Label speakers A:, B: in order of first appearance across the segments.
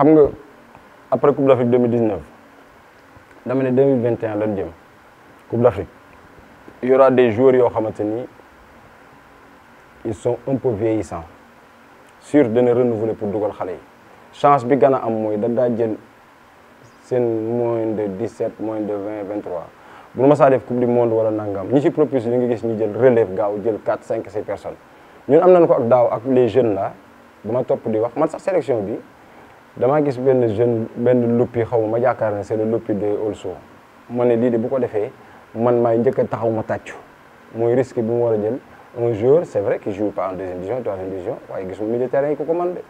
A: après nga après Coupe d'Afrique 2019 dama 2021 lañu Coupe d'Afrique il y aura des joueurs qui sont un peu vieillissants sûr ne renouveler pour les xalé chance bi am moins de 17 moins de 20 23 Si ma def coupe du monde wala nangam ñi ci nga gis ñi jël relève gaaw jël 4 5 6 personnes ñun am nañ ko les jeunes là bu di sélection damaa gis benn jeune benn luppi xaw ma c'est le luppi de Je ma ne lii de bu ko defee man maay njëkk a taxaw ma tàccu muy risque bi mu jël un jour, c'est vrai qu'il joue pas en deuxième division troisième division waaye gisuma milieu terrain yi ko commandé.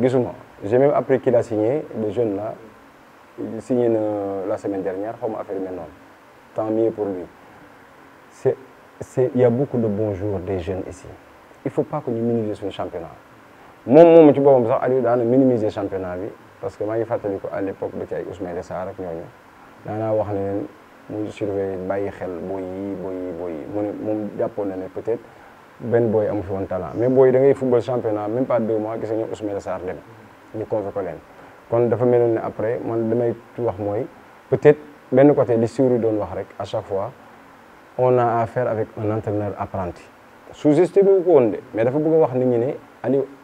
A: gisuma j'ai même appris qu'il a signé le jeune là il a signé la semaine dernière xaw a fait maintenant? tant mieux pour lui c'est c'est il y a beaucoup de bons jours des jeunes ici il faut pas que nous minimiser le championnat moom moomu ci boppam sax Aliou daana minimiser championnat bi parce que maa ngi fàttali ko à l'époque ba ci ay Ousmane Sarr ak ñooñu daanaa wax ne leen muy surveiller bàyyi xel booy yi booy yi booy yi na ne peut-être Ben Boy amu fi woon talent mais booy da ngay football championnat même pas deux mois que nga ñoom Ousmane Sarr dem ñu convoqué leen kon dafa meloon ne après man damay wax mooy peut-être benn côté li siwri doon wax rek à chaque fois on a affaire avec un entraîneur apprenti sous estime wu ko woon de mais dafa bëgg a wax nit ñi ne Aliou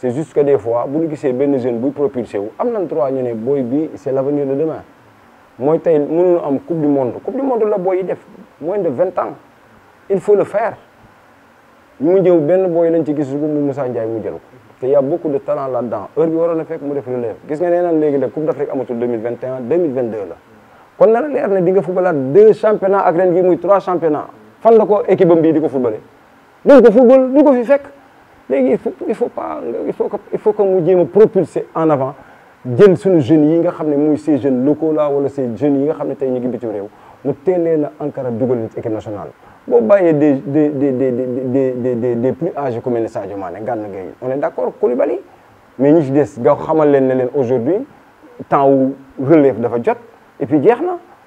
A: c'est est juste que des fois bu ñu gisee benn jeune buy propulsé wu am nañ droit ñu ne booy bii c' est de demain mooy tey mënuñu am coupe du monde coupe du monde la booy yi def moins de vingt ans il faut le faire mu ñëw benn booy lañ ci gis mu Moussa Ndiaye mu jël ko te y' a beaucoup de talents là-dedans heure bi waroon na fekk mu def relève gis nga nee naan léegi nag coupe d'Afrique amatul deux mille vingt et un deux mille vingt deux la kon na la leer ne di nga footballaat deux championnats ak ren gi muy trois championnats fan la équipe am bii di ko footballé duñ football duñ ko fi fekk. Mais il faut il faut pas il faut que il faut que nous jéem propulser en avant jël suñu jeunes yi nga xam ne ces jeunes locaux là wala ces jeunes yi nga xam ne qui ñu ngi bitim réew mu teelee na Ankara dugal leen équipe nationale. boo bàyyee des des des des des des des plus âgés comme les Sadio Mané Gueye on est d'accord Koulibaly mais ñu ci des nga xamal leen ne aujourd'hui temps où relève dafa jot et puis jeex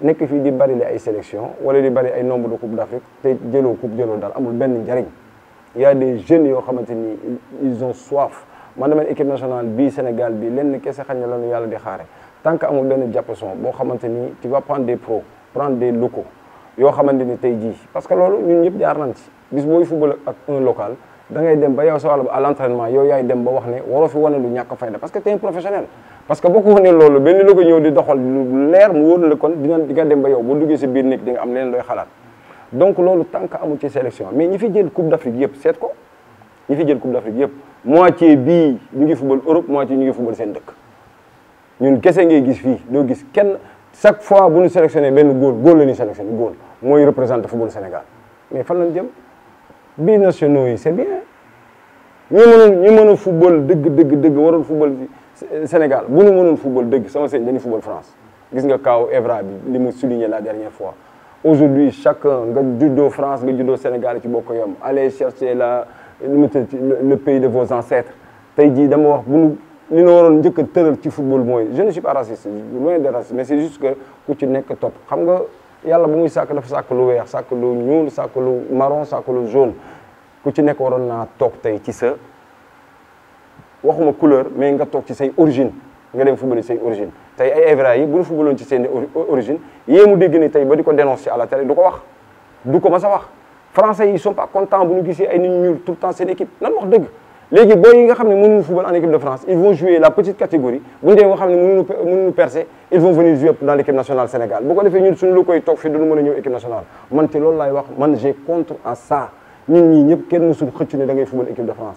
A: nek fi di bari ay sélection wala di bari ay nombre de coupe d'Afrique té jëloo coupe jëloo dal amul benn Il y a des jeunes yo xamante ils ont soif man dama équipe nationale bi Sénégal bi lenn kessé xañ na yalla di xaré tant que amul benn jàppason boo xamante ni tu vas prendre des pros prendre des locaux yo xamante ni parce que lolu ñun ñëpp jaar nañ ci bis moy football ak un local da ngay dem ba yow sa wala ba à l'entraînement yow yaay dem ba wax né waroo fi lu ñak fayda parce que t'es un professionnel parce que boo ko wane loolu benn la ko ñëw di doxal lu leer mu wóor la kon di nga dem ba yow boo duggee si biir nekk di nga am leen looy xalaat donc loolu tant que amul ci sélection mais ñi fi jël coupe d'Afrique yëpp seet ko ñi fi jël coupe d'Afrique yëpp ci bii ñu ngi football Europe moitié ñu ngi football seen dëkk ñun kese ngay gis fii doo gis kenn chaque fois bu nu sélectionné benn góol góol la ñuy sélectionné góol mooy représenté football Sénégal mais fan lañ jëm bii nationaux yi c'est bien ñu mën a ñu mën a dëgg dëgg dëgg waroon football bi Sénégal bu nu mënoon football dëgg sama sëñ dañuy football France gis nga kaw Evra bi li mu souligné la dernière fois aujourd'hui chacun nga juddoo France nga juddoo Sénégal ci bokk allez chercher la le pays de vos ancêtres tey jii dama wax bu nu li na waroon njëkk a ci football moi. je ne suis pas raciste loin de raciste mais c'est juste que ku ci nekk top. xam nga yàlla bu muy sàkk dafa sàkk lu weex sàkk lu ñuul sàkk lu marron sàkk lu jaune ku ci nekk waroon naa toog tey ci sa waxuma couleur mais nga tok ci say origine nga dem football say origine tay ay Evra yi bu ñu ci sen origine yému mu dégg ni tey ba diko dénoncer à la télé du ko wax du ko wax français yi ils sont pas contents bu ñu ay nit ñu tout le temps sen équipe nan wax dëgg légui boy yi nga xamné ne football en équipe de France ils vont jouer la petite catégorie bu dé dee nga xam ne mënuñu percer ils vont venir jouer dans l'équipe nationale Sénégal bu ko defee ñun suñu lu koy toog fii duñu mëna ñëw équipe nationale man te lool lay wax man j'ai contre à ça ñun ñii ñëpp kenn mësul xëccu ne da ngay football équipe de France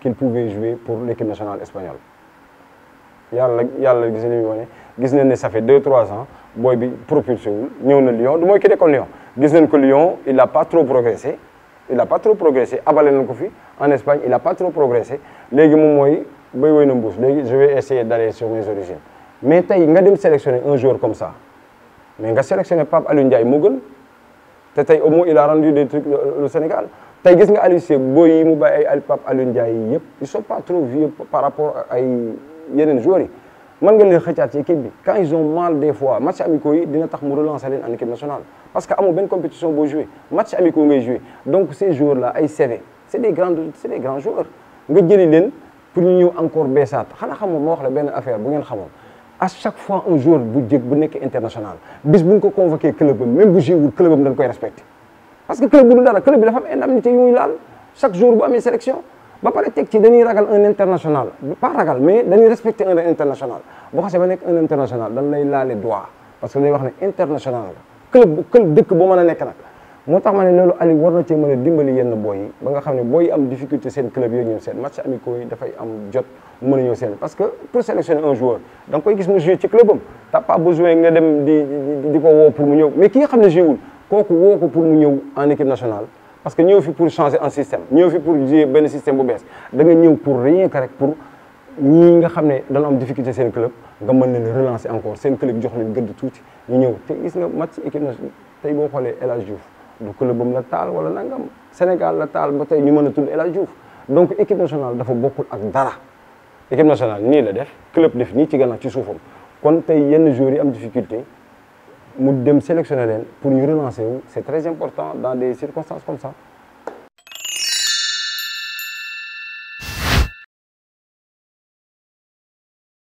A: qu'il pouvait jouer pour l'équipe nationale espagnole. Yalla, yalla, gis le wane gis ne ça fait 2-3 ans booy bi propulsé ñew na Lyon du moy ki Lyon gis que Lyon il n'a pas trop progressé il n'a pas trop progressé Abalé nañ en Espagne il n'a pas trop progressé Légui moom moy bay way na je vais essayer d'aller sur mes origines mais tay nga dem sélectionner un joueur comme ça mais nga sélectionner Pape Aliou Ndiaye moo te au moins il a rendu des trucs au euh, Sénégal tey gis nga Aliou Boy, booy yi mu bàyyi ay Pape Alioune Ndiaye ils sont pas trop vieux par rapport ay yeneen joueurs yi mën nga leen xëccaat ci équipe bi quand ils ont mal des fois match amicaux yi dina tax mu relancer en équipe nationale parce que amoo benn compétition boo joué match amicaux ngay jouer. donc ces joueurs là ay CV C'est des grands c' est des grands joueurs nga jëli leen pour ñu ñëw encore beesaat xanaa xamoon ma wax la benn affaire bu ngeen xamoon à chaque fois un joueur bu jég bu nekk international bis bu ko convoqué club même bu joué club dañ koy respecté parce que club bu dara club bi dafa am indemnité yu muy laal chaque jour bu amee sélection ba pare teg ci dañuy ragal un international pas ragal mais dañuy respecté un international bu xasee ba nek un international dañ lay laale droit parce que day wax né international club club dëkk boo mën nek nak motax mané lolu ali loolu Aliou war na cee mën dimbali yenn boy ba nga xamné ne boy am difficulté sen club yo ñu sen match amicaux yi fay am jot mëna a sen parce que pour sélectionner un joueur da nga koy gis mu joué ci club ta pas besoin nga dem di di ko woo pour mu ñëw mais ki nga xam ne wul kooku wo ko pour mu ñëw en équipe nationale parce que ñëw fi pour changer un système ñëw fi pour jouer ben système bu bess da nga ñëw pour rien que rek pour ñi nga xamné ne dañu am difficulté sen club nga mën leen relancer encore sen club jox leen gëdd tout ñu ñëw te gis nga match équipe nationale tay boo xolé El Hadj du club am la taal wala nangam Sénégal la taal ba tey ñu mën a tudd El Hadj donc équipe nationale dafa bokkul ak dara équipe nationale ni la def club def nii ci gannaaw ci suufam kon tey yenn joueurs yi am difficulté mu dem sélectionner pour ñu relancer c'est très important dans des circonstances comme ça